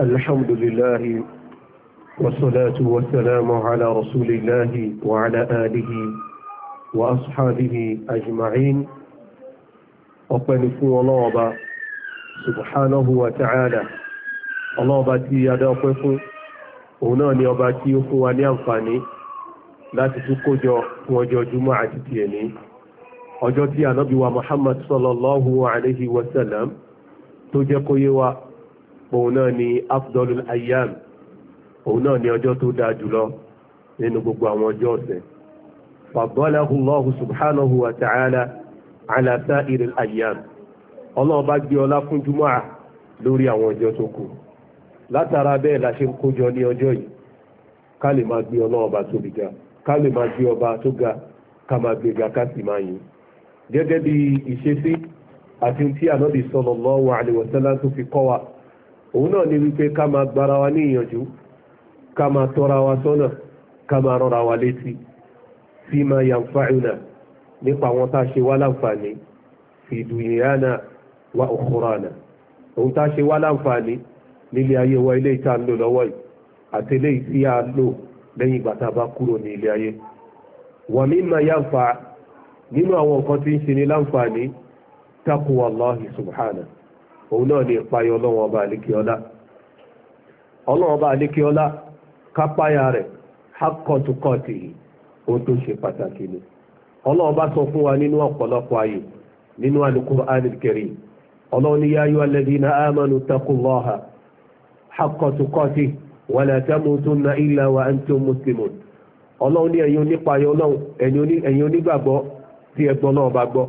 الحمد لله والصلاة والسلام على رسول الله وعلى آله وأصحابه أجمعين أقنفوا الله سبحانه وتعالى الله باتي يدافق هنا نيباتي يفوى نيانفاني لا تتكو جو وجو جمعة تيني ọjọ́ tí ànábì wa Muhammad sallallahu alayhi wa sallam òun náà ni afdolul ayyam òun náà ni ọjọ́ tó dáa jùlọ nínú gbogbo àwọn ọjọ́ ọ̀sẹ̀ fàbọ́láhù lọ́hù subhanahu wa ta'ala ala sa'iril ayyam ọlọ́run bá gbé ọlá fún jùmọ́à lórí àwọn ọjọ́ tó kù látara bẹ́ẹ̀ la ṣe ń kójọ ní ọjọ́ yìí ká lè máa gbé ọlọ́run bá tóbi ga ká lè máa gbé ọba tó ga ká máa gbé ga ká sì máa yìn gẹ́gẹ́ bí ìṣesí àti tí ànábì sallallahu alaihi wasallam tó fi kọ́ wa òun náà ni wípé ká máa gbára wa ní ìyànjú ká máa tọ́ra wa sọ́nà ká máa rọra wa létí fi máa yanfa'una nípa àwọn tá a ṣe wá láǹfààní fi dunyana wa ukhurana òun tá a ṣe wá láǹfààní nílé ayé wa ilé ìta ń lò lọ́wọ́ yìí àti ilé tí a lò lẹ́yìn ìgbà tá a bá kúrò ní ilé ayé wa mimma yanfa nínú àwọn nǹkan tí ń ṣe ní láǹfààní taqwa subhanahu òun náà ni ìpayọ ọlọ́wọ́n ọba àlékíọ́lá ọlọ́wọ́n ọba àlékíọ́lá kápáyà rẹ̀ hákọ̀tùkọ̀tì ó tó ṣe pàtàkì ni ọlọ́wọ́n bá sọ fún wa nínú ọ̀pọ̀lọpọ̀ ayé nínú al-Qur'an ọlọ́wọ́n ni yáyọ hákọ̀tùkọ̀tì wa ọlọ́wọ́n ni ẹ̀yin ọlọ́wọ́n ẹ̀yin onígbàgbọ́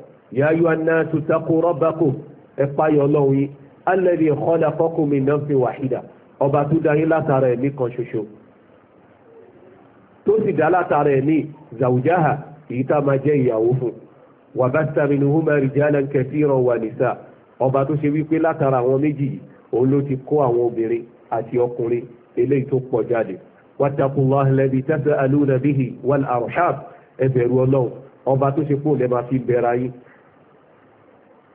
yà á yọ aná tutakò rọ́bàkò ẹ páyọ ọlọ́run yìí alẹ́rì ìkọ́lá fọ́kùn mi náà fi wàhídà ọba tó dá yín látara ẹ̀mí kan ṣoṣo tó sì dá látara ẹ̀mí zawjaha èyí tá máa jẹ́ ìyàwó fún wàbátà mi ni húmà rijalan kathiran wà nìsà ọba tó ṣe wípé látara àwọn méjì yìí òun ló ti kó àwọn obìnrin àti ọkùnrin eléyìí tó pọ̀ jáde wattaqullaha alladhi tas'aluna bihi wal arham ẹ ọlọ́run ọba tó ṣe pò lẹ́ máa fi bẹ̀rẹ̀ ayé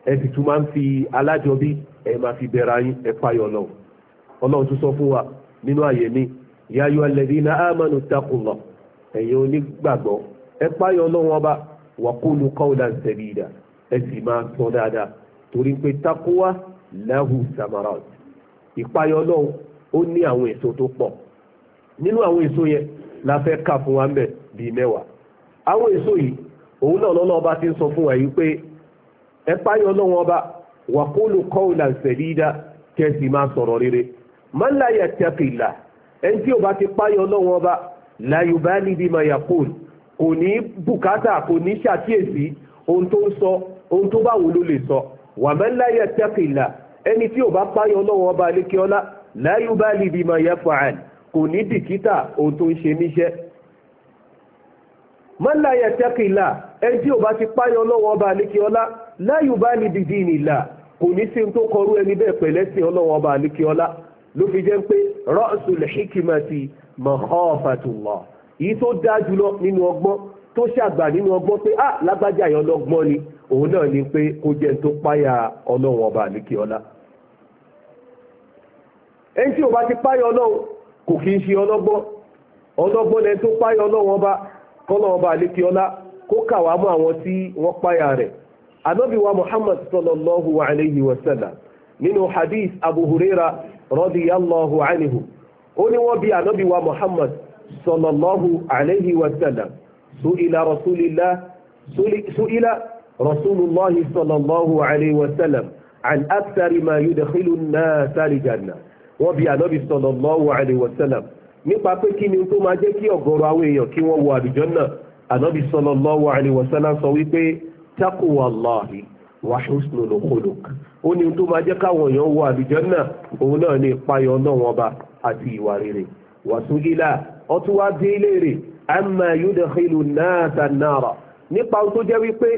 ẹ sì tún máa ń fi alájọbí ẹ máa fi bẹ̀rẹ̀ ayín lọ ọlọ́run tún sọ fún wa nínú àyè mi yáyọ alẹ́bí iná àmàlù takùnlọ̀ ẹ̀yin onígbàgbọ́ ẹ fàyọ̀ ọlọ́run ọba wàkúlù kọ́ọ̀dà sẹ̀bìdà ẹ sì máa sọ dáadáa torí pé takuwa lahu samarat ìpayọ̀ ọlọ́run ó ní àwọn èso tó pọ̀ nínú àwọn èso yẹn la fẹ́ kà fún wa ń bíi mẹ́wàá àwọn èso yìí òun náà lọ́lọ́ ẹ páyọ ọlọ́wọ́n ọba wàkúlù kọ́ọ̀là sẹ̀dídà kẹ́sì máa sọ̀rọ̀ rere man la yattaqillah ẹni tí ò bá ti páyọ ọlọ́wọ́n ọba la yubali bima yaqul kò ní bùkátà kò ní ṣàkíyèsí ohun tó ń sọ ohun tó bá wù ló lè sọ wa man la yattaqillah ẹni tí ò bá páyọ ọlọ́wọ́n ọba lékeọ́lá la yubali bima yaf'al kò ní bìkítà ohun tó ń ṣe níṣẹ́ man la yattaqillah ẹni tí ò bá ti páyọ ọlọ́wọ́n ọba lékeọ́lá láyò bá ní dídí nìlà kò ní sí tó kọrú ẹni bẹ́ẹ̀ pẹ̀lẹ́sìn ọlọ́wọ́n ọba àlékiọlá ló fi jẹ́ pé rọ́ọ̀sùn lẹ́hìkìmọ̀tì mọ̀họ́fàtùmọ̀ èyí tó dáa jùlọ nínú ọgbọ́n tó ṣàgbà nínú ọgbọ́n pé ah lágbájá ọlọ́gbọ́n ni òun náà ni pé kó jẹ́ tó páyà ọlọ́wọ́n ọba ẹni tí ti páyà kò kí ń ṣe ọlọ́gbọ́n ọlọ́gbọ́n anábìwa muhammad sallallahu alayhi wa sallam nínú hadith abu huraira radiyallahu anhu ó ní wọ́n bi anábìwa muhammad sallallahu alayhi wa sallam su'ila rasulillah su'ila rasulullah sallallahu alayhi wa sallam an akthari ma yudkhilu an-nasa al-janna wọ́n bi anábì sallallahu alayhi wa sallam nípa pé kí ni tó máa jẹ́ kí ọ̀gọ̀rọ̀ àwọn èèyàn kí wọ́n wọ àlùjànnà anábì sallallahu alayhi wa sallam sọ wípé taqwallahi wa husnul khuluq ó ní tó máa jẹ́ káwọn èèyàn wọ àlùjánnà òun náà ní ìpayọ̀ ọlọ́wọ́n ọba àti ìwà rere wàsúgílà ọtún wá dé léèrè amma yudkhilu an-nasa an-nara nípa ohun tó jẹ́ wípé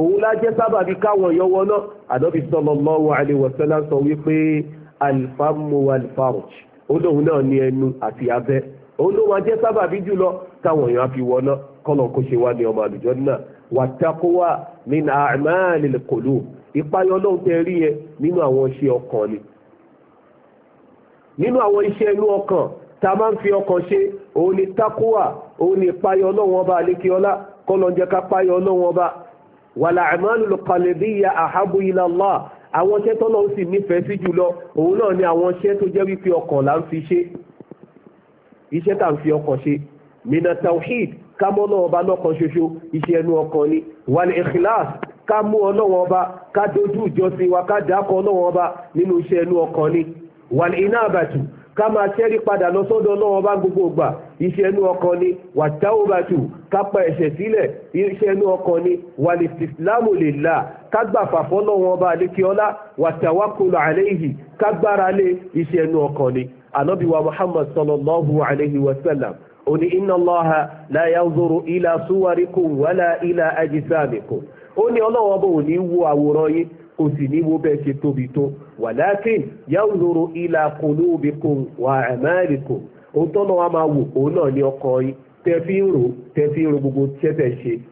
òun lájẹ́ sábàbí káwọn èèyàn wọ náà ànábì sallallahu alaihi wasallam sọ wípé alfamu walfarj olóhun náà ní ẹnu àti abẹ́ òun ló máa jẹ́ sábàbí jùlọ káwọn èèyàn á fi wọ náà kọ́nà kó ṣe wá ní ọmọ àlùjánnà wattaqwa min a'malil qulub ìpayọ ọlọ́run tẹ rí yẹn nínú àwọn iṣẹ́ ọkàn ni nínú àwọn iṣẹ́ inú ọkàn tá a máa ń fi ọkàn ṣe òun ni takuwa òun ni ìpayọ ọlọ́run ọba àlékiọlá kọ́lọ̀ ń jẹ́ ká páyọ ọlọ́run ọba wàlà a'malul qalbiyya ahabu ila Allah àwọn iṣẹ́ tọ́lọ́run sì nífẹ̀ẹ́ sí jùlọ òun náà ni àwọn iṣẹ́ tó jẹ́ wípé ọkàn là ń fi ṣe iṣẹ́ tá ń fi ọkàn ṣe mina tawhid ká mọ́ náà ọba lọ́kan ṣoṣo iṣẹ́ ẹnu ọkàn ni wal ikhlas ká mú ọlọ́wọ́n ọba ká dojú ìjọsìn wa ká dákọ̀ ọlọ́wọ́n ọba nínú iṣẹ́ ẹnu ọkàn ni wal inabatu ká máa tẹ́rí padà lọ sọ́dọ̀ ọlọ́wọ́n bá gbogbo gbà iṣẹ́ inú ọkàn ni wàtáwòbàtù ká pa ẹ̀ṣẹ̀ sílẹ̀ iṣẹ́ inú ọkàn ni wàlìsìlámù lè là ká gbà fàfọ́ lọ́wọ́n bá ó إن الله لا ينظر إلى صوركم ولا إلى أجسامكم، ajsamikum ó ní ọlọ́wọ́ bò ní wo àwòrán yín kò sì ní wo bẹ́ẹ̀ ṣe tóbi tó walakin yanzuru ila qulubikum wa a'malikum òun tọ́nà wa máa wò òun náà ní ọkọ yín tẹ́fí ń rò tẹ́fí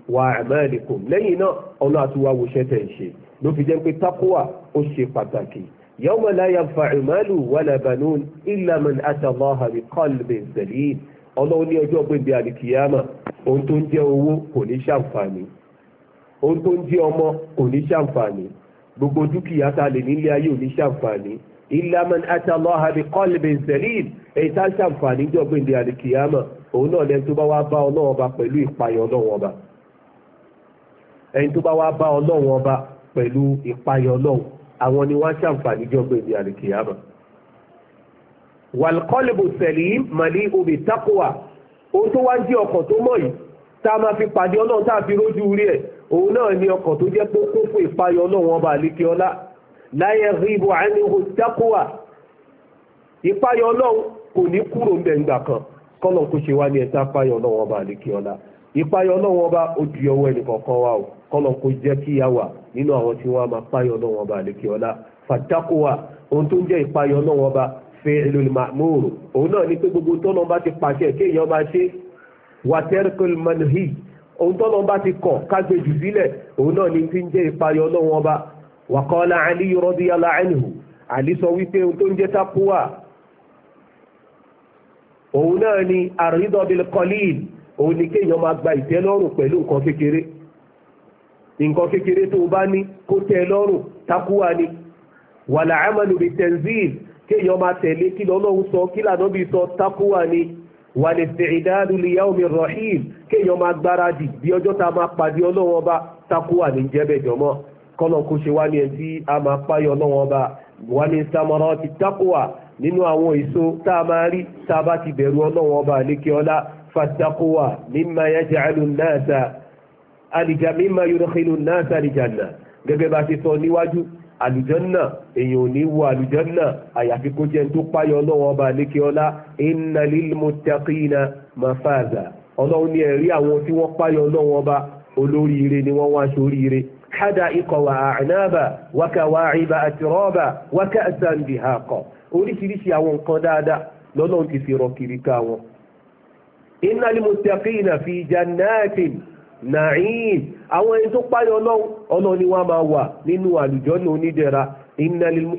ń lẹ́yìn náà ọlọ́ àtúwáwò ṣẹ́tẹ̀ ń ṣe ló fi jẹ́ pé tákùwà ó ṣe pàtàkì yawma la yanfa'u malun wala banun illa man ata Allaha bi ọlọ́run ní ọjọ́ gbèdé àdìkìyàmà ohun tó ń jẹ́ owó kò ní ṣàǹfààní ohun tó ń jẹ́ ọmọ kò ní ṣàǹfààní gbogbo dúkìá ta lè nílé ayé ò ní ṣàǹfààní illa man ata Allaha bi qalbin salim èyí tá ṣàǹfààní jọ gbèdé àdìkìyàmà òun náà lẹni tó bá wá bá ọlọ́run ọba pẹ̀lú ìpayọ̀ ọlọ́run ọba ẹni tó bá wá bá ọlọ́run ọba pẹ̀lú ìpayọ̀ ọlọ́run àwọn ni wọ́n ṣàǹfààní jọ gbèdé àdìkìyàmà wàlkọ́lìbù sẹ̀lìm màlí obì tákùwà ohun tó wá ń jẹ́ ọkàn tó mọ̀ yìí tá a máa fi pàdé ọlọ́run tá a fi rójú rí ẹ̀ òun náà ni ọkàn tó jẹ́ pé kó fún ìpayọ ọlọ́run ọba àlékè ọlá láyé ríbu àníhù tákùwà ìpayọ ọlọ́run kò ní kúrò ń bẹ̀ ńgbà kan kọ́lọ̀ kó ṣe wá ní ẹ̀ta payọ ọlọ́run ọba àlékè ọlá ìpayọ ọlọ́run ọba ó di ọwọ́ wa o kọ́lọ̀ kó jẹ́ kí a wà nínú àwọn tí wọ́n máa payọ ọlọ́run ọba àlékè ọlá fàtákùwà ohun tó ń jẹ́ ìpayọ ọlọ́run ọba fi'lul ma'mur òun náà ni pé gbogbo tọ́lọ́ bá ti pàṣẹ kéèyàn máa ṣe wa tarkul manhi òun tọ́lọ́ bá ti kọ̀ kágbé jù sílẹ̀ òun náà ni ti ń jẹ́ ìpayọ ọlọ́wọ́n ọba wa qala Ali radiyallahu anhu àlí sọ wípé ohun tó ń jẹ́ tápúwà òun náà ni àrídọ́ bil òun ni kéèyàn máa gba ìtẹ́lọ́rùn pẹ̀lú nǹkan kékeré nǹkan kékeré tó bá ní kó tẹ́ lọ́rùn tápúwà ni wàlà amalu bi kéèyàn máa tẹ̀lé kí lọ́lọ́run sọ kí lànàbí sọ tákùwà ni wà lè ṣe ìdáàdù lè yá omi rahim kéèyàn máa gbáradì bí ọjọ́ tá a máa pàdé ọlọ́wọ́n ọba tákùwà ní jẹ́bẹ̀ jọmọ́ kọ́lọ̀ kó ṣe wá ní ẹni tí a máa páyọ ọlọ́wọ́n ọba wà ní samara ti tákùwà nínú àwọn èso tá a máa rí tá a bá ti bẹ̀rù ọlọ́wọ́n ọba lékè ọlá fàtàkùwà mímá yaj'alu an-nasa alìjà mímá yudkhilu an-nasa al-janna gẹ́gẹ́ bá ti sọ níwájú àlùjànnà èèyàn ò ní wọ àlùjànnà àyàfi kó jẹ́ tó páyọ ọlọ́wọ́ ọba lékè ọlá inna lil muttaqina mafaza ọlọ́run ní ẹ̀rí àwọn tí wọ́n páyọ ọlọ́wọ́ ọba olóríire ni wọ́n wá sóríire حدائق وأعنابا وكواعب أترابا وكأسا دهاقا oríṣiríṣi àwọn nǹkan dáadáa lọ́lọ́run ti fi rọ kiri ká wọn. إن المتقين في جنات na'im àwọn ẹni tó páyọ ọlọ́run ọlọ́run ni wọ́n máa wà nínú àlùjọ́nà onídẹ̀ra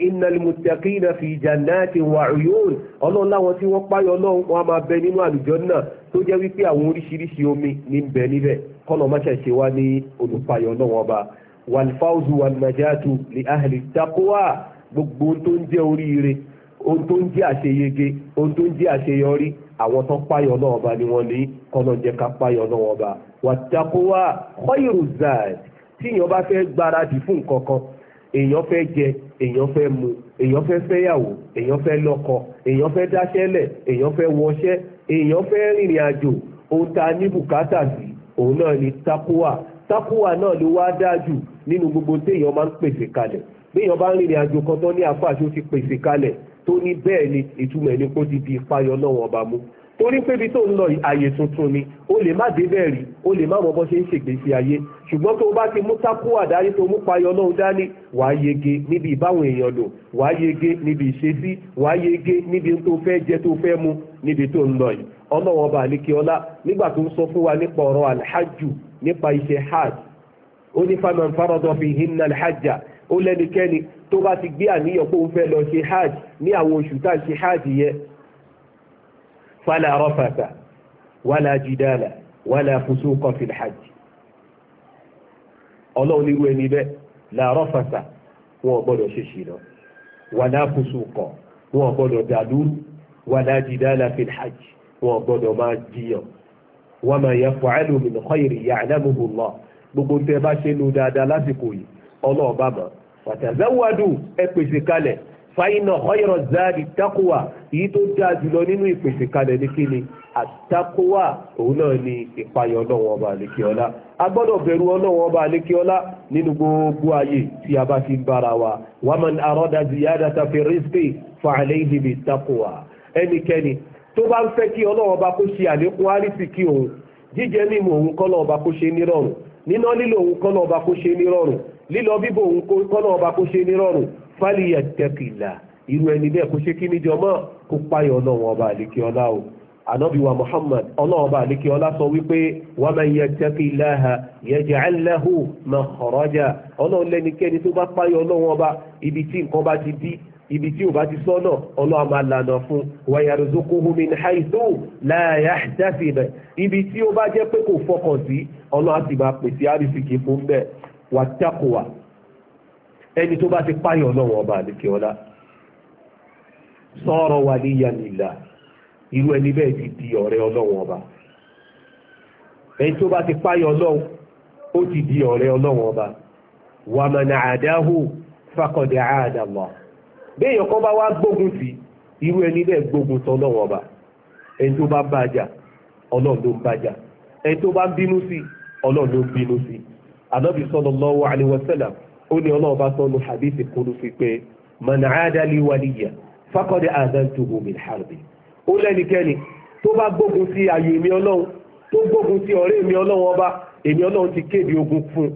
innal muttaqina fi jannatin wa uyun ọlọ́run láwọn tí wọ́n páyọ ọlọ́run wọ́n máa bẹ nínú àlùjọ́nà tó jẹ́ wípé àwọn oríṣiríṣi omi ní bẹ níbẹ̀ kọ́nà má ṣẹ̀ṣẹ̀ wá ní olùpayọ̀ ọlọ́run ọba wal fawzu wan najatu li ahli taqwa gbogbo tó ń jẹ́ ohun tó ń jẹ́ àṣeyege ohun tó ń jẹ́ àṣeyọrí àwọn tó páyọ̀ náà ọba ni wọ́n ní kọ́nà jẹ́ ká páyọ̀ náà ọba wàtàkùwà khayru zad tíyàn bá fẹ́ gbáradì fún nǹkan kan èèyàn fẹ́ jẹ èèyàn fẹ́ mu èèyàn fẹ́ fẹ́yàwó èèyàn fẹ́ lọ́kọ èèyàn fẹ́ dáṣẹ́lẹ̀ èèyàn fẹ́ wọṣẹ́ èèyàn fẹ́ rìnrìn àjò ohun tá a ní bùkátà sí òun náà ni takuwa takuwa náà ló wá dájú nínú gbogbo téèyàn máa ń pèsè kalẹ̀ béèyàn bá ń rìnrìn àjò kan tán ní àfàṣó ti pèsè kalẹ̀ tó ní bẹ́ẹ̀ ni ìtumọ̀ ẹni kó di bí ìpayọ náà ọba mú torí pé ibi tó ń lọ àyè tuntun ni ó lè má dé bẹ́ẹ̀ rí ó lè má mọ bó ṣe ń ṣègbésí ayé ṣùgbọ́n tó bá ti mú tákù àdáyé tó mú payọ náà dání wàá yege níbi ìbáwọn èèyàn lò wàá yege níbi ìṣesí wàá yege níbi tó fẹ́ jẹ tó fẹ́ mu níbi tó ń lọ yìí ọlọ́wọ́n ọba àlékè ọlá nígbà tó ń sọ fún wa nípa ọ̀rọ̀ alhajju nípa iṣẹ́ hajj ó ní faman faradọ hinna alhajja ó lẹ́nikẹ́ni tó bá ti gbé àníyàn pé òun fẹ́ lọ ṣe hajj ní àwọn oṣù tá à ń ṣe hajj yẹn fala rafata wala jidala wala fusuqa fil hajj ọlọ́run nírú ẹni bẹ́ẹ̀ la rafata wọn ò gbọ́dọ̀ ṣe ṣìnà wala fusuqa wọn ò gbọ́dọ̀ dàlúrú wala jidala fil hajj wọn ò gbọ́dọ̀ máa jiyàn wa ma yaf'alu min khayri ya'lamuhu Allah gbogbo tẹ bá ṣe nu dáadáa lásìkò yìí ọlọ́ọ̀bá mọ̀ fàtàzáwádù ẹ pèsè kalẹ̀ fàyínà ọ̀yọ̀rọ̀ záàdì tákùwà èyí tó dáa jùlọ nínú ìpèsè kalẹ̀ ní kíni àtàkùwà òun náà ni ìpayọ̀ ọlọ́wọ́n ọba àlékiọlá a gbọ́dọ̀ bẹ̀rù ọlọ́wọ́n ọba àlékiọlá nínú gbogbo ayé tí a bá ti ń bára wa wàmán arọ́dà ziyada tàfi rìsíkì fàálẹ́ ìdìbì tákùwà ẹnikẹ́ni tó bá ń fẹ́ kí ọlọ́wọ́n ọba kó ṣe àlékún àrísìkí òun jíjẹ mímu òun kọ́ lọ́ọ̀ba kó ṣe nírọ̀rùn níná lílo òun kọ́ lọ́ọ̀ba kó ṣe nírọ̀rùn lílọ bíbọ̀ òun kọ́nà ọba kó ṣe nírọ̀rùn fáliyà tẹkìlà irú ẹni bẹ́ẹ̀ kó ṣe kí ni jọmọ́ kó páyọ̀ ọlọ́run ọba àlékè ọlá o ànábì wa muhammad ọlọ́run ọba àlékè ọlá sọ wípé wa man yattaqillaha yaj'al lahu makhraja ọlọ́run lẹ́nikẹ́ni tó bá páyọ̀ ọlọ́run ọba ibi tí nǹkan bá ti dí ibi tí o bá ti sọ́nà ọlọ́run máa lànà fún wa yarzuquhu min haythu la yahtasib ibi tí o bá jẹ́ pé kò fọkàn sí ọlọ́run á sì máa pèsè àrísìkì fún bẹ́ẹ̀ wàtàkùwà ẹni tó bá ti páyọ̀ ọba àdìkẹ́ ọlá sọ́ọ̀rọ̀ wà ní yanìlá irú ẹni bẹ́ẹ̀ ti di ọ̀rẹ́ ọba ẹni tó bá ti páyọ̀ ọlọ́run ó ti di ọ̀rẹ́ ọlọ́run ọba wà mọ̀nà àdáhù fàkọ̀dẹ̀ àdàmọ̀ béèyàn kan bá wá gbógun tì irú ẹni bẹ́ẹ̀ gbógun tọ́ ọba ẹni tó bá bàjà bàjà ẹni tó bá bínú sí ànábì sallallahu alaihi wasallam ó ní ọlọ́run bá sọ́nu hadith kúrú sí pé man adali waliya faqad adantuhu bil harbi ó lẹ́nikẹ́ni tó bá gbógun sí ayò èmi ọlọ́run tó gbógun sí ọ̀rẹ́ èmi ọlọ́run ọba èmi ọlọ́run ti kéde ogun fún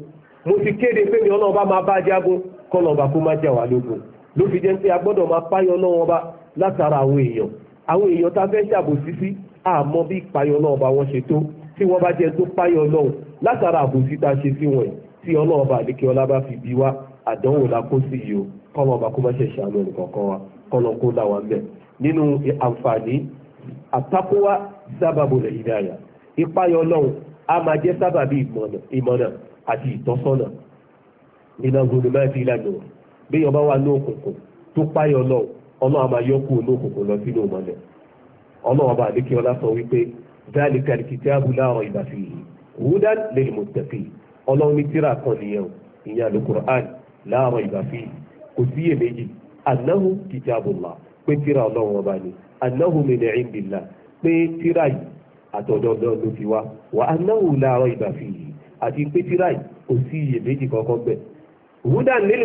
mo ti kéde pé èmi ọlọ́run ọba máa bá jagun kọ́lọ̀ ọba kó má jà wá lógun ló fi jẹ́ pé a gbọ́dọ̀ máa páyọ ọlọ́run ọba látara àwọn èèyàn àwọn èèyàn tá fẹ́ ṣàbòsí sí àmọ́ bí ìpáyọ ọlọ́run ọba wọn ṣe tó tí wọ́n bá jẹ́ tó páyọ ọlọ́run látara àbòsí tá a ṣe sí wọn tí ọlọ́run bá àdékè ọlá bá fi bí wá àdánwò la kó sí yìí o kọ́lọ́ ọba kó má ṣe ṣàánú ẹnìkọ̀ọ̀kan wa kọ́lọ́ kó là wá ń bẹ̀ nínú àǹfààní àtakówá sábàbò lè hidaya ìpáyọ ọlọ́run a máa jẹ́ sábàbí ìmọ̀nà àti ìtọ́sọ́nà nínú gbòdòmáìtì ìlànà bí ọba wà ní òkùnkùn tó páyọ ọlọ́run ọlọ́run a máa yọ kúrò ní òkùnkùn lọ sínú ìmọ̀lẹ̀ ọlọ́run ọba àdékè ọlá sọ wípé dáàlì kàlìkìtì àbúlá ọ̀rọ̀ ìbàfihàn hudan lil muttaqin ọlọ́run kan nìyẹn ìyẹn alukur'an láàárọ̀ ìgbàfí kò sí iyèméjì annahu kitabullah pé tira ọlọ́run ọba ni annahu min indillah pé tíra yìí àtọ̀dọ̀dọ̀ ló wà annahu láàárọ̀ ìgbàfí yìí àti pé tira yìí kò sí hudan lil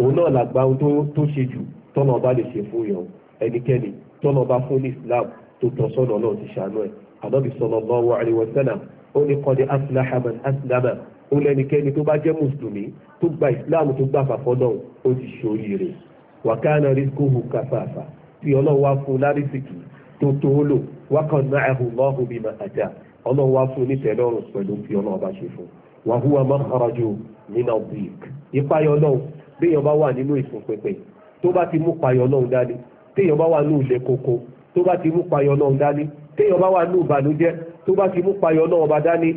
òun náà làgbà tó ṣe jù tọ́nà ọba lè ṣe fún yàn ẹnikẹ́ni tọ́nà ọba fún ní islam tó tọ́ sọ́nà náà ti ṣàánú ẹ̀ ànábì sallallahu alaihi wa sallam ó ní qad aflaha man aslama ó lẹ́nikẹ́ni tó bá jẹ́ mùsùlùmí tó gba islam tó gbà fàfọ́ náà ó ti ṣoríire wa kana rizquhu kafafa tí ọlọ́run wá fún lárísìkì tó tó lò wa qanna'ahu Allahu bima ata ọlọ́run wá fún béèyàn bá wà nínú ìfúnpẹ̀pẹ̀ tó bá ti mú náà dání téèyàn bá wà ní koko tó bá ti mú payọ̀ náà dání téèyàn bá wà ní ìbànújẹ́ tó bá ti mú náà dání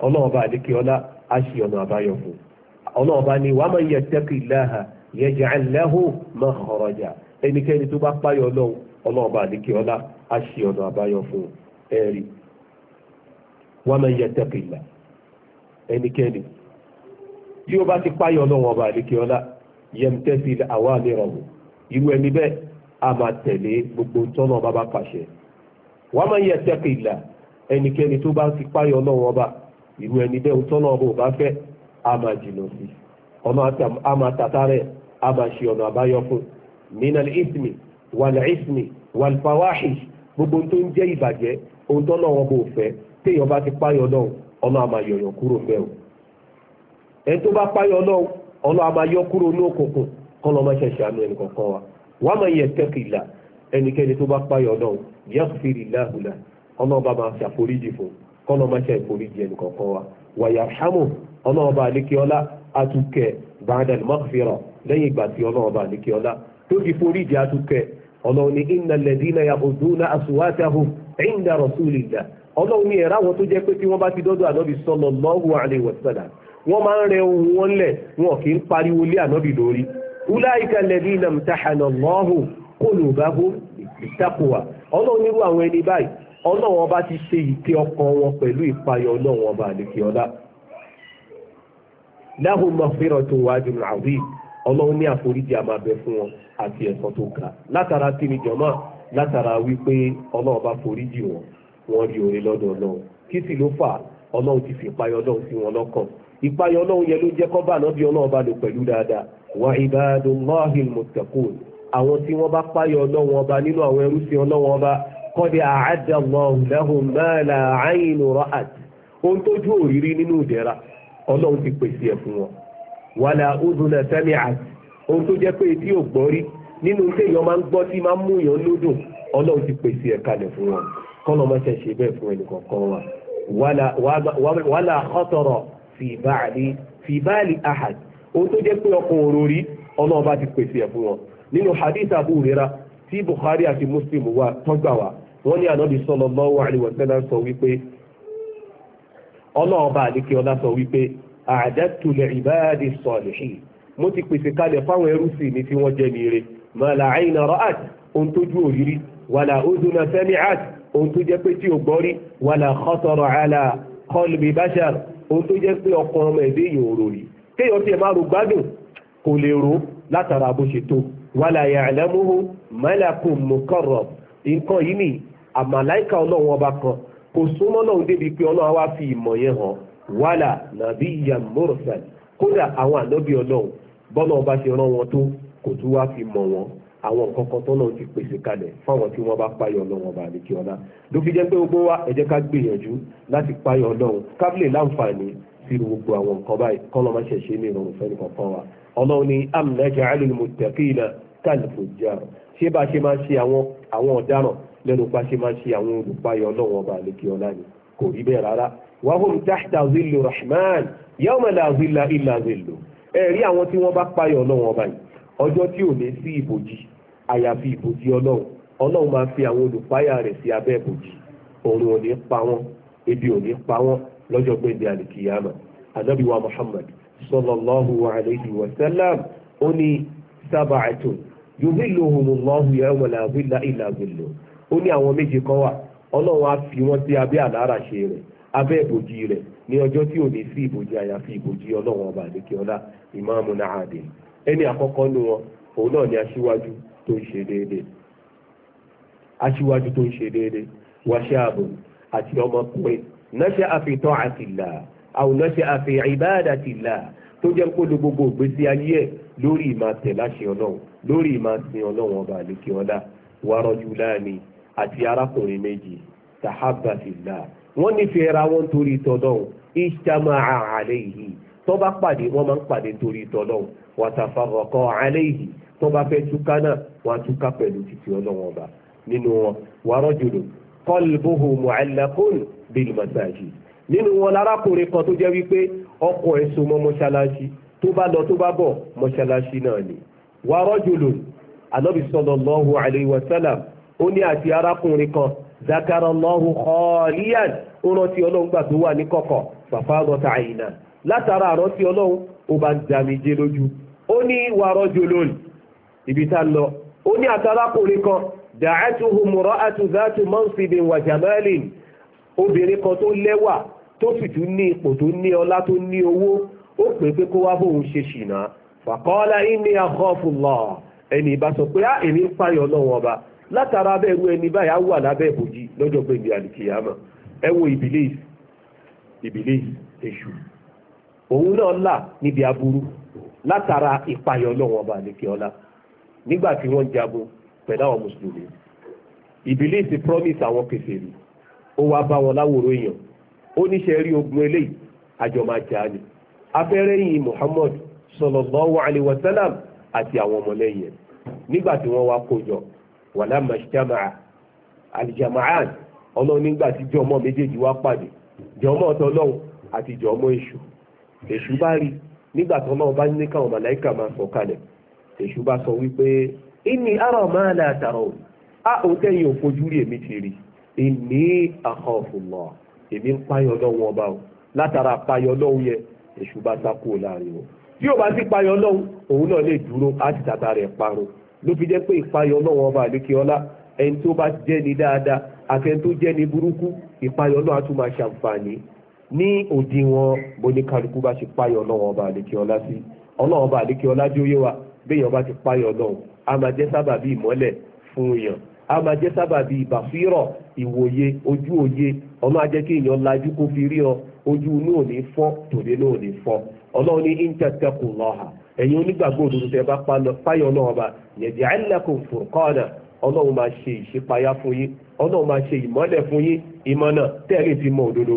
bá ọlá àbáyọ fún ọlọ́run bá ní wàá máa yẹ tẹ́kì tó bá náà bá ọlá á fún wàá máa yẹ tẹ́kì lá tí ó bá yẹmtẹ́sí àwa mìíràn irú ẹni bẹ́ẹ̀ a máa tẹ̀lé gbogbo tọ́nà bàbá pàṣẹ wọ́n máa ń yẹ tẹ́kìlá ẹnikẹ́ni tó bá ti páyọ̀ náà wọ́n bá irú ẹni bẹ́ẹ̀ tọ́nà ọba ò bá fẹ́ a máa jìnà sí a máa tàtà rẹ̀ a máa ṣe ọ̀nà àbáyọ fún minal ismi wal ismi wal fawahish gbogbo tó ń jẹ́ ìbàjẹ́ ohun tọ́nà ọba ò ọlọ́wọ́ máa yọ kúrò ní òkùnkùn kọ́ lọ́ máa ṣẹ̀ṣẹ̀ àánú ẹnì kọ̀ọ̀kan wa wà á máa yẹ tẹ́kìlá ẹnikẹ́ni tó bá páyọ̀ náà yẹ́fìrì láhùlà ọlọ́ọ̀bá máa ṣàforíjì fún kọ́lọ́ máa ṣe àforíjì ẹnì kọ̀ọ̀kan wa wàyà ṣámù ọlọ́ọ̀bá àlékiọ́lá àtúkẹ́ bàdàn mọ́fìrọ̀ lẹ́yìn ìgbà tí ọlọ́ọ̀bá àlékiọ́lá tó ti foríjì àtúkẹ́ ọlọ́run ní iná lẹ́dínà yàgòdúnà àsùwátàhù ẹ̀yìndà rọ̀súlìlà ọlọ́run ní ẹ̀ráwọ̀ wọ́n máa ń rẹ ohun wọn lẹ̀ wọn kì í pariwo lé ànábì lórí ulaika alladhina imtahana Allahu qulubahum bittaqwa ọlọ́run nírú àwọn ẹni báyìí ọlọ́run ọba ti ṣe ìtẹ́ ọkàn wọn pẹ̀lú ìpayọ̀ ọlọ́run ọba àlèkè ọlá lahum maghfiratun wa ajrun azim ọlọ́run ní àforíjì a máa bẹ fún wọn àti ẹ̀san tó ga látara tí ni jọ̀mọ́ látara wípé ọlọ́run bá ọlọ́run ti fi ìpayọ̀ ọlọ́run sí wọn lọ́kàn ìpayọ̀ ọlọ́run yẹn ló jẹ́ kọ́ bá ànábì ọlọ́run bá lò pẹ̀lú dáadáa wà ibadullahi almuttaqun àwọn tí wọ́n bá payọ̀ ọlọ́run ọba nínú àwọn ẹrúsìn ọlọ́run ọba qad a'adda ọlọ́run ti pèsè ẹ̀ fún fún wọn kọ́nà máa ṣe bẹ́ẹ̀ fún ẹnì kọ̀ọ̀kan wa wàlà khatara fi báàlì ahad ó tó jẹ́ pé ọkàn òròrí ọlọ́run bá ti pèsè ẹ̀fún wọn nínú hadith abu rira tí bukhari àti muslim wà tọ́gbà wá wọ́n ní ànábì sallallahu alaihi wasallam sọ wípé ọlọ́ọ̀bá àdíkẹ́ ọlá sọ wípé a'adattu li'ibadi salihin mo ti pèsè kalẹ̀ fáwọn ẹrú sí ní tí wọ́n jẹ́ ní ire ma la 'ayna ohun tó ju òrírí wala udhuna sami'at ohun tó jẹ́ pé tí ò gbọ́rí wala khatara ala qalbi bashar ohun tó jẹ́ pé ọkàn ọmọ ẹ̀dẹ́ èèyàn ò ròrí kéèyàn tiẹ̀ máa ro gbádùn kò lè ro látara bó ṣe tó wàlà ya'lamuhu malakun muqarrab nǹkan yìí ni àmàláìka ọlọ́run ọba kan kò súnmọ́ náà débi pé ọlọ́run wá fi ìmọ̀ yẹn hàn wàlà nabiyyan mursal kódà àwọn ànábì ọlọ́run bọ́lá ọba ṣe rán wọn tó kò tún wá fi mọ̀ wọn àwọn nǹkan kan tó náà ti pèsè kalẹ̀ fáwọn tí wọ́n bá páyọ̀ ọlọ́run ọba àlekí ọlá ló fi jẹ́ pé gbogbo wa ẹ jẹ́ ká gbìyànjú láti páyọ̀ ọlọ́run kábílẹ̀ láǹfààní sí gbogbo àwọn nǹkan báyìí kọ́nà má ṣe ṣe ní ìrọ̀rùn fẹ́ni kankan wa ọlọ́run ni am naj'alul muttaqina kal fujjar ṣé bá ṣe máa ṣe àwọn ọ̀daràn lẹ́nu pa ṣe máa ṣe àwọn olùpáyọ̀ ọlọ́run ọba tí ò ní sí ìbòjì àyàfi ìbòjì ọlọ́run ọlọ́run máa fi àwọn olùpáyà rẹ̀ sí abẹ́ ìbòjì òòrùn ò ní ebi ò ní pa wọ́n lọ́jọ́ gbẹ̀dẹ̀ àlìkìyàmà muhammad sallallahu alayhi wa sallam ó ní sábàtún yuzilluhumullahu yawma la zilla illa zilluh ó ní àwọn méje kan wà ọlọ́run á fi wọ́n sí abẹ́ rẹ̀ abẹ́ ìbòjì rẹ̀ ní ọjọ́ tí ò ní sí ìbòjì àyàfi ọba àdékè ọlá ìmáàmù náà ẹni àkọ́kọ́ nu wọn òun tó ń ṣe déédéé aṣíwájú tó ń ṣe déédéé wàṣáàbù àti ọmọkùnrin náṣẹ́ àfitọ́ àtìlá àwọn náṣẹ́ àfi ìbáàdà tìlá tó jẹ́ kó lo gbogbo ìgbésí ayé ẹ̀ lórí ìmá tẹ̀láṣẹ ọlọ́run lórí ìmá sin ọlọ́run ọba àlekè ọlá wàrọ̀jù láàní àti arákùnrin méjì tàhábà tìlá wọ́n nífẹ̀ẹ́ ra wọn torí tọ́lọ́run ìṣàmà àlẹ́ yìí tó bá pàdé wọ́n máa ń pàdé torí tọ́lọ́run wàtàfàrọ̀kọ́ àlẹ́ yìí tó bá fẹ́ túká náà wọ́n á túká pẹ̀lú títí ọlọ́wọ́n ọba nínú wọn wàrọ́jùlù kọlbóhù mu'allakun bil masajid nínú wọn lárákùnrin kan tó jẹ́ wípé ọkọ̀ ẹ̀sùn mọ́ mọ́ṣáláṣí tó bá lọ tó bá bọ̀ mọ́ṣáláṣí náà ni wàrọ́jùlù anabi sallallahu alayhi wa sallam ó ní àti arákùnrin kan zakarallahu khaliyan ó rántí ọlọ́run gbà tó wà ní kọ̀kọ̀ fàfáàgọ́ta àyìnà látara àrántí ọlọ́run ó bá ń dàmíjé lójú ó ní wàrọ́jùlù ibi tá lọ ó ní àtàlákùnrin kan dàátùhù mùrọ̀ àtúzátù mọ́nsìbìn wà jàmáàlìn obìnrin kan tó lẹ́wà tó sì tún ní ipò tó ní ọlá tó ní owó ó pè pé kó wá bóun ṣe ṣìnà fàkọ́ọ́lá ìní àkọ́fùlọ̀ ẹni ìbá sọ pé á èmi ń pààyàn náà wọn ba látara abẹ́rú ẹni báyà wà lábẹ́ ìbòjì lọ́jọ́ pé ní àlìkìyàmọ̀ ẹ wo ìbílẹ̀ ìbílẹ̀ èṣù òun náà là níbi aburú látara ìpààyàn náà wọn ba àlìkìyàmọ̀ nígbà tí wọ́n jagun pẹ̀lú àwọn mùsùlùmí ìbílísì promise àwọn kèfèrí ó wá bá wọn láwòrán èèyàn ó níṣẹ́ rí ogun eléyìí àjọ máa ni abẹ́rẹ́ yìí Muhammad sallallahu alaihi wa sallam àti àwọn ọmọlẹ́yìn ẹ̀ nígbà tí wọ́n wá kójọ walamma ijtama'a al-jama'an ọlọ́run nígbà tí jọmọ́ méjèèjì wá pàdé jọmọ́ tọlọ́run àti jọmọ́ èṣù èṣù bá rí nígbà tọ́lọ́run bá ní káwọn màláìkà máa sọ̀kalẹ̀ èṣù bá sọ wípé inni ara máa la tàrà o a ò tẹ́yìn òfojú rí èmi ti rí inni akhafullah èmi ń páyọ lọ́wọ́ ọba o látara páyọ lọ́wọ́ yẹ èṣù bá sá kúrò láàrin o tí ò bá sí páyọ lọ́wọ́ òun náà lè dúró á ti tàtà rẹ̀ parun ló fi jẹ́ pé ìpáyọ lọ́wọ́ ọba àlékè ọlá ẹni tó bá jẹ́ ni dáadáa àtẹni tó jẹ́ ni burúkú ìpáyọ náà tún máa ṣàǹfààní ní òdiwọ̀n bóníkálukú bá ṣe páyọ lọ́wọ́ ọba àlékè ọlá sí ọlọ́wọ́ ọba àlékè ọlá jó yé wa béèyàn bá ti páyọ̀ náà a máa jẹ́ sábàbí ìmọ́lẹ̀ fún èèyàn a máa jẹ́ sábàbí ìbàfírọ̀ ìwòye ojú òye ọmọ ajẹ́ kí èèyàn lajú kó fi ríran ojú inú ò ní fọ́ tòde náà ò ní fọ́ ọlọ́run ní intatekun lọ́ha ẹ̀yin onígbàgbọ́ òdodo tẹ́ bá páyọ̀ náà ọba yẹ̀dì àìlẹ́kùn fòrkọ́ọ̀nà ọlọ́run máa ṣe ìṣípayá fún yín ọlọ́run máa ṣe ìmọ́lẹ̀ fún yín ìmọ̀nà tẹ́ẹ̀lì fi mọ òdodo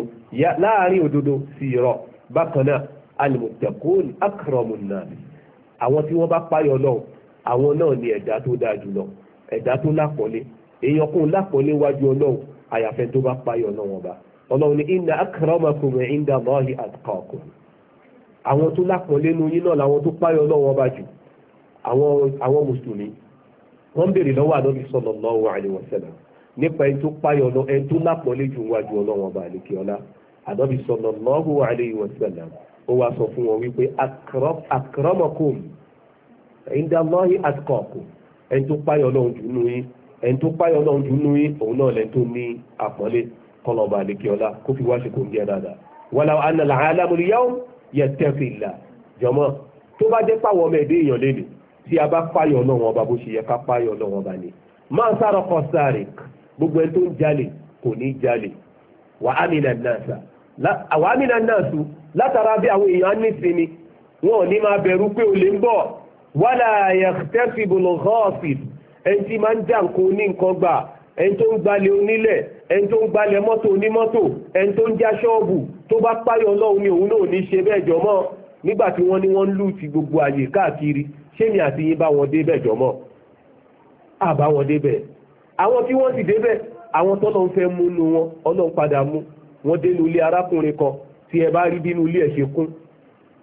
láàárín òdodo sí irọ́ bákan náà alìmọ̀tẹ̀kùn akọ̀rọ̀mùnà àwọn tí wọ́n bá páyọ̀ náà àwọn náà ni ẹ̀dá tó dáa jùlọ ẹ̀dá tó lápọ̀lé èèyàn kún lápọ̀lé wájú ọlọ́run àyàfẹ́ tó bá páyọ̀ náà wọn bá ọlọ́run ní inna akramakum inda Allahi atqakum àwọn tó lápọ̀lé nu yín náà làwọn tó páyọ̀ náà wọn bá jù àwọn mùsùlùmí wọ́n béèrè lọ́wọ́ ànábì sallallahu alaihi wasallam nípa ẹni tó páyọ̀ náà ẹni tó lápọ̀lé jù wájú ọlọ́run ọba àlekè ọlá ànábì sallallahu alaihi wasallam ó wá sọ fún wọn wípé akramakum inda Allahi atqakum ẹni tó páyọ̀ ọlọ́run jù nú yín ẹni tó páyọ̀ ọlọ́run jù nú yín òun náà lẹ́ni tó ní àpọ́nlé kọlọ̀ọ̀bà àdékíọ́lá kó fi wá ṣe kò ń jẹ́ dáadáa walaw anna al-alamu al-yawma yattaqilla jọmọ́ tó bá jẹ́ pàwọ́ ọmọ ẹ̀dẹ́ èèyàn léde tí a bá páyọ̀ ọlọ́run ọba bó ṣe yẹ ká páyọ̀ ọlọ́run ọba ni máa ń sáré kọ sáré gbogbo ẹni tó ń jalè kò ní jalè wa amina nasa àwámìnà náà sùn látara bí àwọn èèyàn nísìnyí wọn ò ní máa bẹ̀rù pé olè ń bọ̀ wàlà yẹ̀tẹ́sìbùnù họ́ọ̀sì ẹni tí máa ń já nǹkan oní nǹkan gbà ẹni tó ń gbalẹ̀ onílẹ̀ ẹni tó ń gbalẹ̀ mọ́tò onímọ́tò ẹni tó ń já ṣọ́ọ̀bù tó bá páyọ̀ ọlọ́run ni òun náà ní ṣe bẹ́ẹ̀ jọmọ́ nígbà tí wọ́n ní wọ́n lù ti gbogbo àyè káàkiri ṣémi àti yín bá wọn débẹ̀ jọmọ́ àbá wọn débẹ̀ àwọn tí wọ́n sì débẹ̀ àwọn tọ́lọ́ fẹ́ mú nu wọn ọlọ́run padà mú wọ́n dé ilé arákùnrin kan tí ẹ bá rí bí ilé ẹ̀ ṣe kún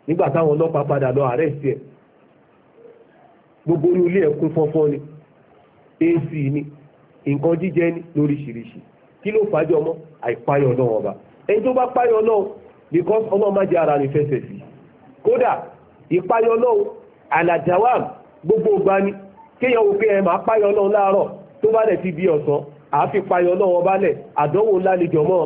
nígbà táwọn ọlọ́pàá padà lọ ẹ̀ gbogbo ní ilé ẹ̀ kún fọ́fọ́ ni ac ni nǹkan jíjẹ ní lóríṣiríṣi kí ló fàájọ mọ́ àìpáyọ̀ náà ọba ẹni tó bá náà because ara fẹsẹ̀ sí kódà ìpáyọ̀ náà àlàjáwàm gbogbo ni ọba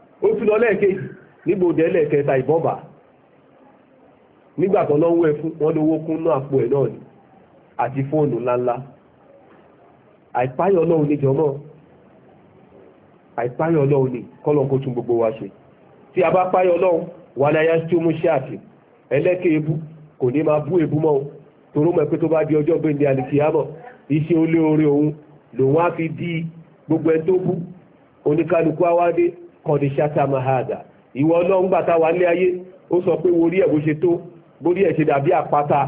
ó tún lọ lẹ́ẹ̀kejì níbo dẹ́lẹ̀ kẹta ìbọ́bà nígbà tó lọ́wọ́ ẹ fún wọn lówó kún náà àpò ẹ̀ náà ni àti fóònù ńláńlá àìpáyọ̀ ọlọ́run ní jọmọ́ àìpáyọ̀ ọlọ́run ní kọ́lọ̀ kó tún gbogbo wa ṣe tí a bá páyọ̀ ọlọ́run wà láyá tí ó mú ṣe àti ẹlẹ́kẹ̀ ebú kò ní máa bú ebú mọ́ toró mọ̀ pé tó bá di ọjọ́ gbẹ̀ndẹ̀ àlìkìyàmọ̀ iṣẹ́ olé orí òun lòun á fi di gbogbo ẹ tó bú oníkálukú àwádé kọ́ni ṣáta mahada ìwọ ọlọ́run gbà tá wà lé ayé ó sọ pé wo rí ẹ̀ bó ṣe tó bó rí ẹ̀ ṣe dàbí àpáta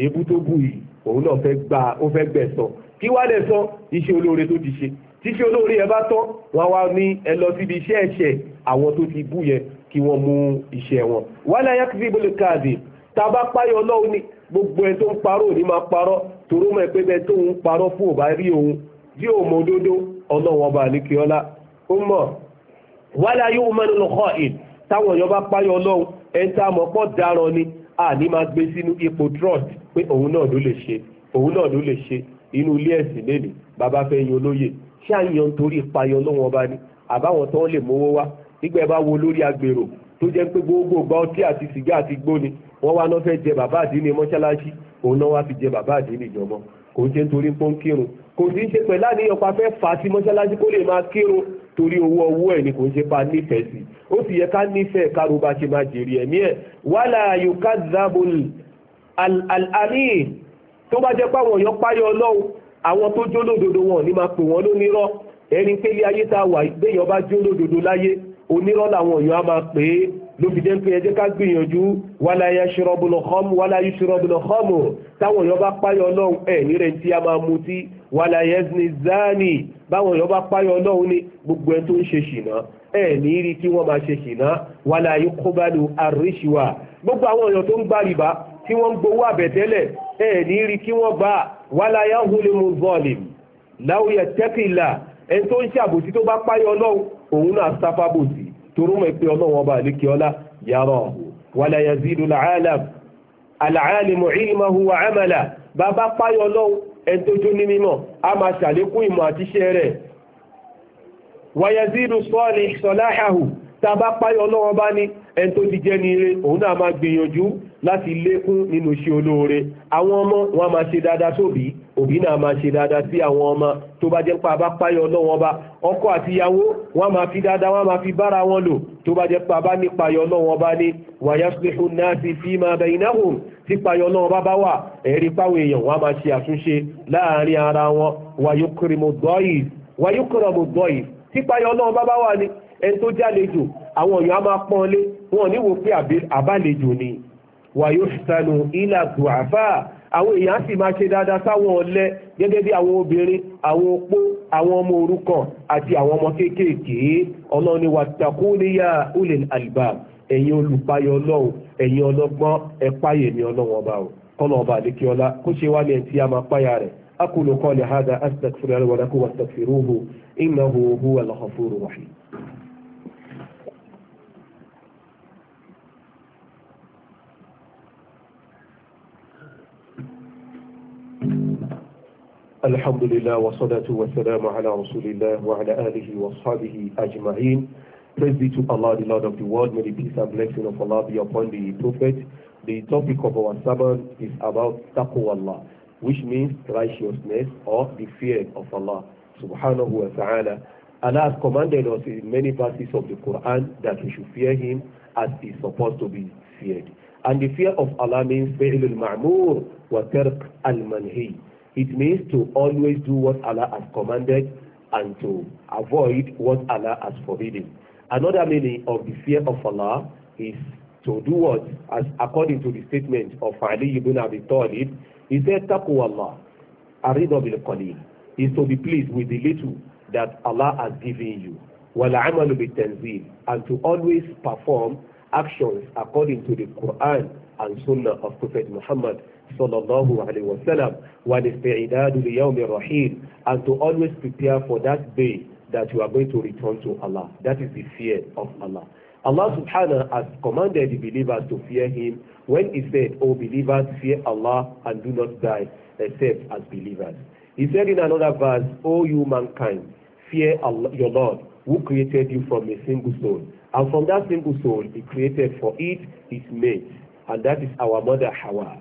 èébú tó bù yìí òun náà fẹ́ gba ó fẹ́ gbẹ̀sọ̀ kí wá lẹ̀ sọ iṣẹ́ olóore tó ti ṣe tíṣẹ́ olóore yẹn bá tọ́ wọn wá ní ẹ lọ síbi iṣẹ́ ẹ̀ṣẹ̀ àwọn tó ti bú yẹn kí wọ́n mú iṣẹ́ wọn. wàhálà yá kí bíbélì káàdì tá a ọlọ́run ni gbogbo ẹ tó ń parọ́ òní máa parọ́ toró mọ̀ pé bẹ́ẹ̀ tó ń parọ́ fún òbá rí òun bí mọ òdodo ọlọ́run ọba àníkè ó mọ̀ wala yu'manu al-kha'in táwọn èèyàn bá páyọ ọlọ́run ẹni tá a mọ̀ pọ̀ dáràn ni a ní máa gbé sínú ipò trust pé òun náà ló lè ṣe òun náà ló lè ṣe inú ilé ẹ̀sìn lẹ́nu bàbá fẹ́ yan olóyè ṣáàyàn torí ìpayọ ọlọ́run ọba ni àbáwọn tán lè mówó wá nígbà ẹ bá wo lórí agbèrò tó jẹ́ pé gbogbo gbọ́ ọtí àti sìgá àti gbóni wọ́n wá náà fẹ́ jẹ bàbá àdínní mọ́ṣáláṣí òun náà wá fi jẹ bàbá àdínní ìjọmọ́ kò ń ṣe nítorí pé ó ń kírun kò sí ṣe pẹ̀lá ní ọ̀pá fẹ́ fà á sí mọ́ṣáláṣí kó lè máa kírun torí owó ọwọ́ ẹ̀ ni kò ń ṣe pa nífẹ̀ẹ́ sí ó sì yẹ ká nífẹ̀ẹ́ káró bá ṣe máa jèrè ẹ̀mí ẹ̀ wàhálà yòókà zabul alamin tó bá jẹ́ pé àwọn èèyàn páyọ̀ ọlọ́run àwọn tó jó lódodo wọn ní máa pè wọ́n lónírọ́ ẹni pé ilé ayé tá a wà béèyàn bá jó lódodo láyé onírọ́ làwọn èèyàn á máa pè é ló fi jẹ́ pé ẹ jẹ́ ká gbìyànjú wàlá yẹ ṣọ́rọ́bùnà xọ́mù wàlá yẹ ṣọ́rọ́bùnà xọ́mù táwọn èèyàn bá páyọ̀ ọlọ́run ẹ̀ nírẹ̀ tí a máa mutí wàlá yẹ zani báwọn èèyàn bá páyọ̀ ọlọ́run ní gbogbo ẹ tó ń ṣe ṣìnà ẹ̀ ní rí kí wọ́n máa ṣe ṣìnà wàlá kóbálù àríṣìwà gbogbo àwọn èèyàn tó ń gbá rìbá tí wọ́n ń gbowó àbẹ̀tẹ́lẹ̀ toró mọ̀ pé ọlọ́wọ́ ọba àlékè ọlá yàrá wàlá yazidu làálàm àlàálìmọ̀ ìlmọ̀hu wa amala bàbá páyọ̀ ọlọ́wọ́ ẹni ní a máa ṣàlékún ìmọ̀ àti iṣẹ́ rẹ̀ wàyẹ̀zídù sọ́ọ̀lì sọ̀láhàhù tàbá páyọ̀ ọlọ́wọ́ bá ní ní ire ọmọ wọn máa ṣe dáadáa òbí náà máa ṣe dáadáa sí àwọn ọmọ tó bá jẹ́ pa abápáyọ ọlọ́run ọba ọkọ àtìyàwó wọ́n máa fi dáadáa wọ́n máa fi bára wọn lò tó bá jẹ́ pa bá nípayọ ọlọ́run ọba ní wàyásùlẹ̀hù náà sì fi máa bẹ̀yìn náà hùn típayọ ọlọ́run ọba bá wà ẹ̀rí páwọn èèyàn wọ́n máa ṣe àtúnṣe àwọn èèyàn sì máa ṣe dáadáa sáwọn ọlẹ gẹ́gẹ́ bí àwọn obìnrin àwọn opó àwọn ọmọ orúkọ àti àwọn ọmọ kéékèèké ọlọ́run ni ulil ẹ̀yin olùpayọ̀ ọlọ́run ẹ̀yin ọba o ọba ọlá kó ṣe wá ní tí a máa páyà الحمد لله والصلاة والسلام على رسول الله وعلى آله وصحبه أجمعين Praise be to Allah, the Lord of the world. May the peace and blessing of Allah be upon the Prophet. The topic of our sermon is about taqwa Allah, which means righteousness or the fear of Allah subhanahu wa ta'ala. Allah has commanded us in many verses of the Quran that we should fear Him as He is supposed to be feared. And the fear of Allah means wa المعمور al المنهي It means to always do what Allah has commanded and to avoid what Allah has forbidden. Another meaning of the fear of Allah is to do what? As according to the statement of Ali ibn Abi Talib, he said, Taqwa Allah, Arido bil qalil, is to be pleased with the little that Allah has given you. Wal amalu bit tanzil, and to always perform actions according to the Quran and Sunnah of Prophet Muhammad sallallahu alayhi wa sallam wa al-isti'dadu li yawmi and to always prepare for that day that you are going to return to Allah that is the fear of Allah Allah subhanahu has commanded the believers to fear him when he said O believers fear Allah and do not die except as believers he said in another verse O you mankind fear Allah, your Lord who created you from a single soul and from that single soul he created for it his mate and that is our mother Hawa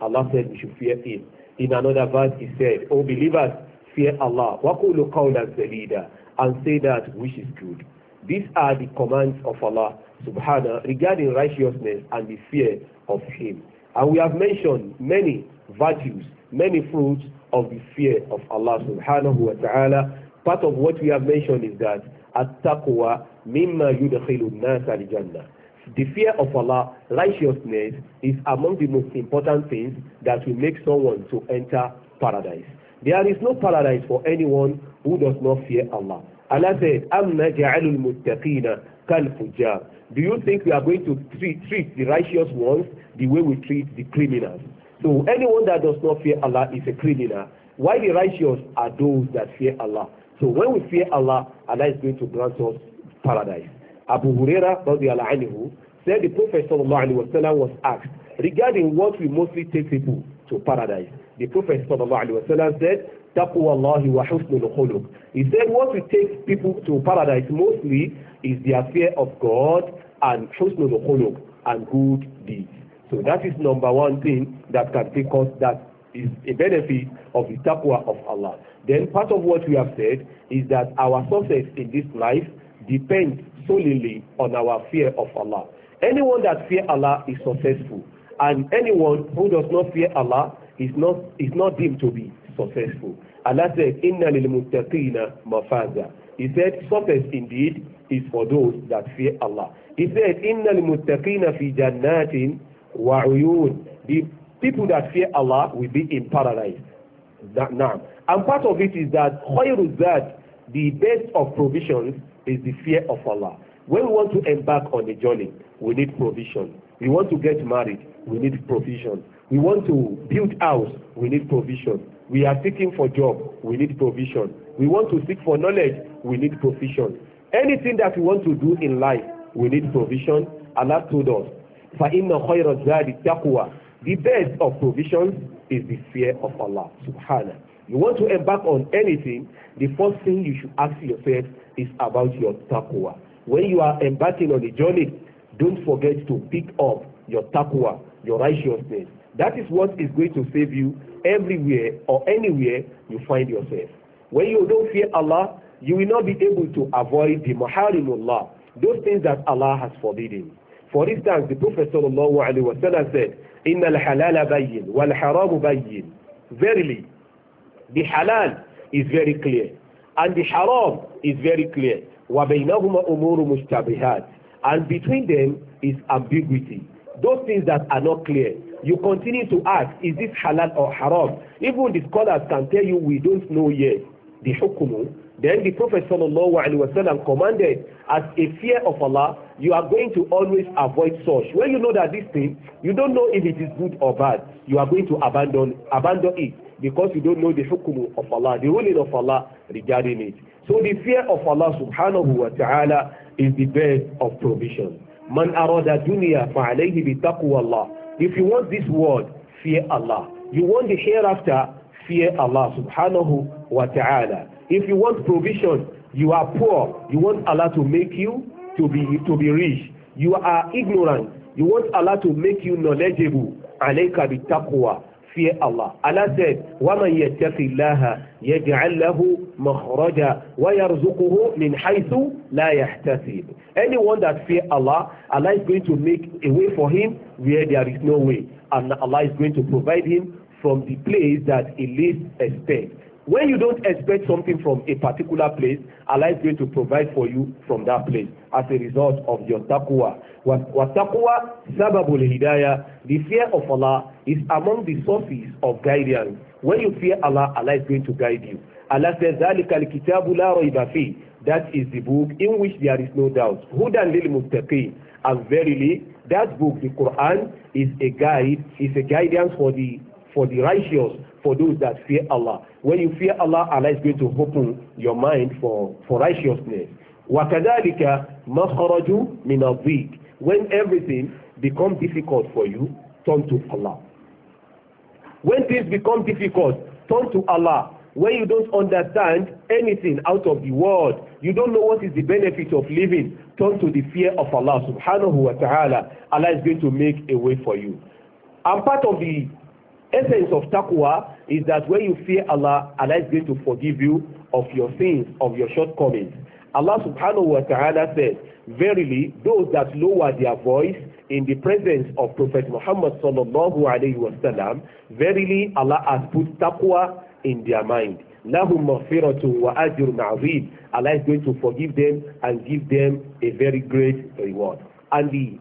Allah said we should fear him. In another verse he said, O believers, fear Allah. وَقُولُ قَوْلًا سَدِيدًا And say that which is good. These are the commands of Allah subhanahu regarding righteousness and the fear of him. And we have mentioned many virtues, many fruits of the fear of Allah subhanahu wa ta'ala. Part of what we have mentioned is that at-taqwa mimma yudkhilu an-nasa al-jannah. The fear of Allah, righteousness, is among the most important things that will make someone to enter paradise. There is no paradise for anyone who does not fear Allah. Allah said, أَمَّا muttaqina kal كَالْفُجَّارِ Do you think we are going to treat, treat the righteous ones the way we treat the criminals? So anyone that does not fear Allah is a criminal. Why the righteous are those that fear Allah? So when we fear Allah, Allah is going to grant us paradise. Abu Huraira anhu, said the Prophet وسلم, was asked regarding what will mostly take people to paradise. The Prophet وسلم, said, "Taqwa Taqwallahi wa husnul khuluq. He said what will take people to paradise mostly is their fear of God and husnul khuluq and good deeds. So that is number one thing that can take us that is a benefit of the taqwa of Allah. Then part of what we have said is that our success in this life depends solely on our fear of Allah. Anyone that fear Allah is successful, and anyone who does not fear Allah is not is not deemed to be successful. Allah said, "Inna lil muttaqina mafaza." He said, "Success indeed is for those that fear Allah." He said, "Inna lil muttaqina fi jannatin wa uyun." The people that fear Allah will be in paradise. That now, and part of it is that khayru that the best of provisions is the fear of Allah. When we want to embark on a journey, we need provision. We want to get married, we need provision. We want to build house, we need provision. We are seeking for job, we need provision. We want to seek for knowledge, we need provision. Anything that we want to do in life, we need provision. Allah told us, فَإِنَّ خَيْرَ الزَّادِ The best of provisions is the fear of Allah, subhanahu. You want to embark on anything, the first thing you should ask yourself is about your takwa. When you are embarking on the journey, don't forget to pick up your takwa, your righteousness. That is what is going to save you everywhere or anywhere you find yourself. When you don't fear Allah, you will not be able to avoid the maharimullah, those things that Allah has forbidden. For instance, the Prophet sallallahu alaihi wasallam said, "Inna al-halala bayyin wal haramu bayyin." Verily, the halal is very clear and the haram is very clear وَبَيْنَهُمَا umuru مُشْتَبِهَاتٍ and between them is ambiguity those things that are not clear you continue to ask is this halal or haram even the scholars can tell you we don't know yet the hukumu then the prophet sallallahu alaihi wasallam commanded as a fear of Allah you are going to always avoid such when you know that this thing you don't know if it is good or bad you are going to abandon abandon it because you don't know the hukum of Allah, the ruling of Allah regarding it. So the fear of Allah subhanahu wa ta'ala is the best of provision. Man arada dunya fa'alayhi bi Allah. If you want this world, fear Allah. You want the hereafter, fear Allah subhanahu wa ta'ala. If you want provision, you are poor. You want Allah to make you to be, to be rich. You are ignorant. You want Allah to make you knowledgeable. Alayka bi taqwa fear Allah. Allah said, وَمَنْ يَتَّقِ اللَّهَ يَجْعَلْ لَهُ مَخْرَجًا وَيَرْزُقُهُ مِنْ حَيْثُ لَا يَحْتَسِبُ Anyone that fear Allah, Allah is going to make a way for him where there is no way. And Allah is going to provide him from the place that he least expect. When you don't expect something from a particular place, Allah is going to provide for you from that place as a result of your taqwa. taqwa sababul hidayah. The fear of Allah is among the sources of guidance. When you fear Allah, Allah is going to guide you. Allah says, ذَلِكَ الْكِتَابُ لَا رَيْبَ فِيهِ That is the book in which there is no doubt. Hudan lil muttaqin. And verily, that book, the Quran, is a guide, is a guidance for the for the righteous for those that fear Allah. When you fear Allah, Allah is going to open your mind for, for righteousness. وَكَذَلِكَ مَخْرَجُ مِنَ الضِّيقِ When everything becomes difficult for you, turn to Allah. When things become difficult, turn to Allah. When you don't understand anything out of the world, you don't know what is the benefit of living, turn to the fear of Allah subhanahu wa ta'ala. Allah is going to make a way for you. And part of the essence of taqwa is that when you fear Allah, Allah is going to forgive you of your sins, of your shortcomings. Allah subhanahu wa ta'ala said, Verily, those that lower their voice in the presence of Prophet Muhammad sallallahu alayhi wa sallam, verily Allah has put taqwa in their mind. Lahum maghfiratun wa ajrun azim. Allah is going to forgive them and give them a very great reward. And the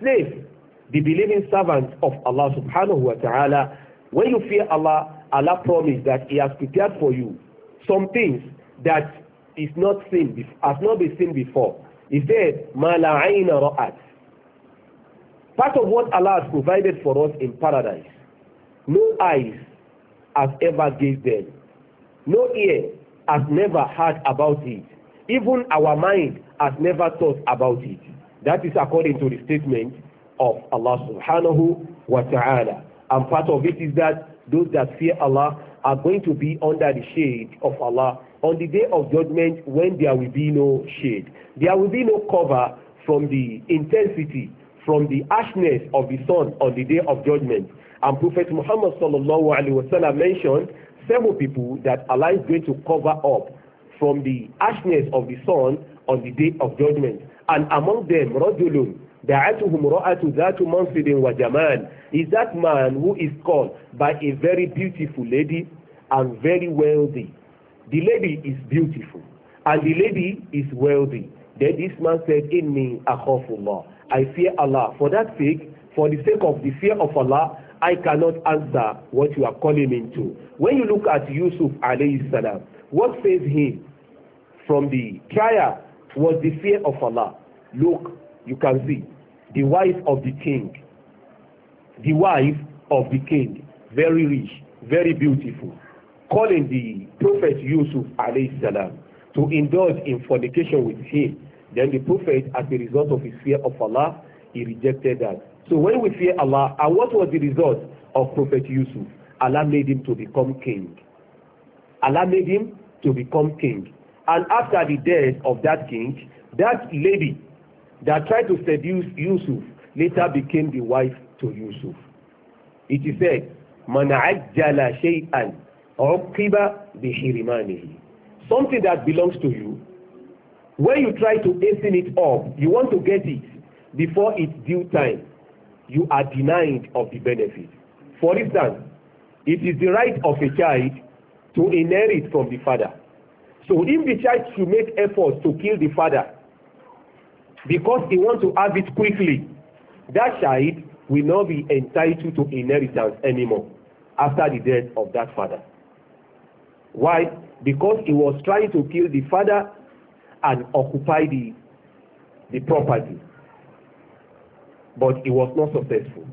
slave, the believing servant of Allah subhanahu wa ta'ala, When you fear Allah, Allah promised that He has prepared for you some things that is not seen, has not been seen before. He said, مَا لَا عَيْنَ رَأَتْ Part of what Allah has provided for us in paradise, no eyes has ever gazed them. No ear has never heard about it. Even our mind has never thought about it. That is according to the statement of Allah subhanahu wa ta'ala. And part of it is that those that fear Allah are going to be under the shade of Allah on the day of judgment when there will be no shade. There will be no cover from the intensity, from the harshness of the sun on the day of judgment. And Prophet Muhammad sallallahu alaihi wasallam mentioned several people that Allah is going to cover up from the harshness of the sun on the day of judgment. And among them, Rajulun da'atuhu imra'atu dhatu mansibin wa is that man who is called by a very beautiful lady and very wealthy the lady is beautiful and the lady is wealthy then this man said in me inni akhafullah I fear Allah for that sake for the sake of the fear of Allah I cannot answer what you are calling me to when you look at Yusuf alayhi salam what saved him from the trial was the fear of Allah look you can see the wife of the king the wife of the king very rich very beautiful calling the prophet Yusuf alayhi salam to indulge in fornication with him then the prophet as a result of his fear of Allah he rejected that so when we fear Allah and what was the result of prophet Yusuf Allah made him to become king Allah made him to become king and after the death of that king that lady that tried to seduce Yusuf later became the wife to Yusuf. It is said, Man ajjala shay'an uqiba bihirimanihi. Something that belongs to you, when you try to hasten it up, you want to get it before its due time, you are denied of the benefit. For instance, it is the right of a child to inherit from the father. So if the child should make efforts to kill the father because he wants to have it quickly, that child will not be entitled to inheritance anymore after the death of that father. Why? Because he was trying to kill the father and occupy the, the property. But he was not successful.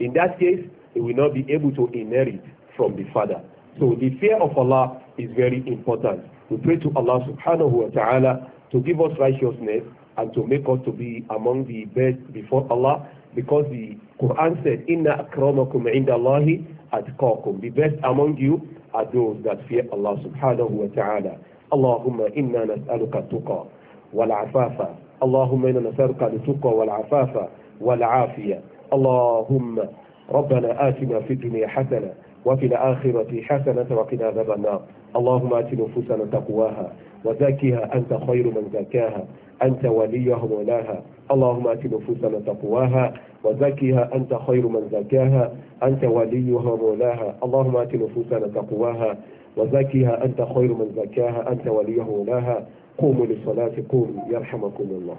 In that case, he will not be able to inherit from the father. So the fear of Allah is very important. We pray to Allah subhanahu wa ta'ala to give us righteousness and to make us to be among the best before Allah because the Quran said inna akramakum inda Allahi atqakum the best among you are those that fear Allah subhanahu wa ta'ala Allahumma inna nas'aluka tuqa wal afafa Allahumma inna nas'aluka tuqa wal afafa wal afiya Allahumma ربنا آتنا في الدنيا حسنة وفي الآخرة حسنة وقنا عذاب النار اللهم آت نفوسنا تقواها وزكها أنت خير من زكاها أنت وليها مولاها اللهم آت نفوسنا تقواها وزكها أنت خير من زكاها أنت وليها مولاها اللهم آت نفوسنا تقواها وزكها أنت خير من زكاها أنت وليها مولاها قوموا قوموا يرحمكم الله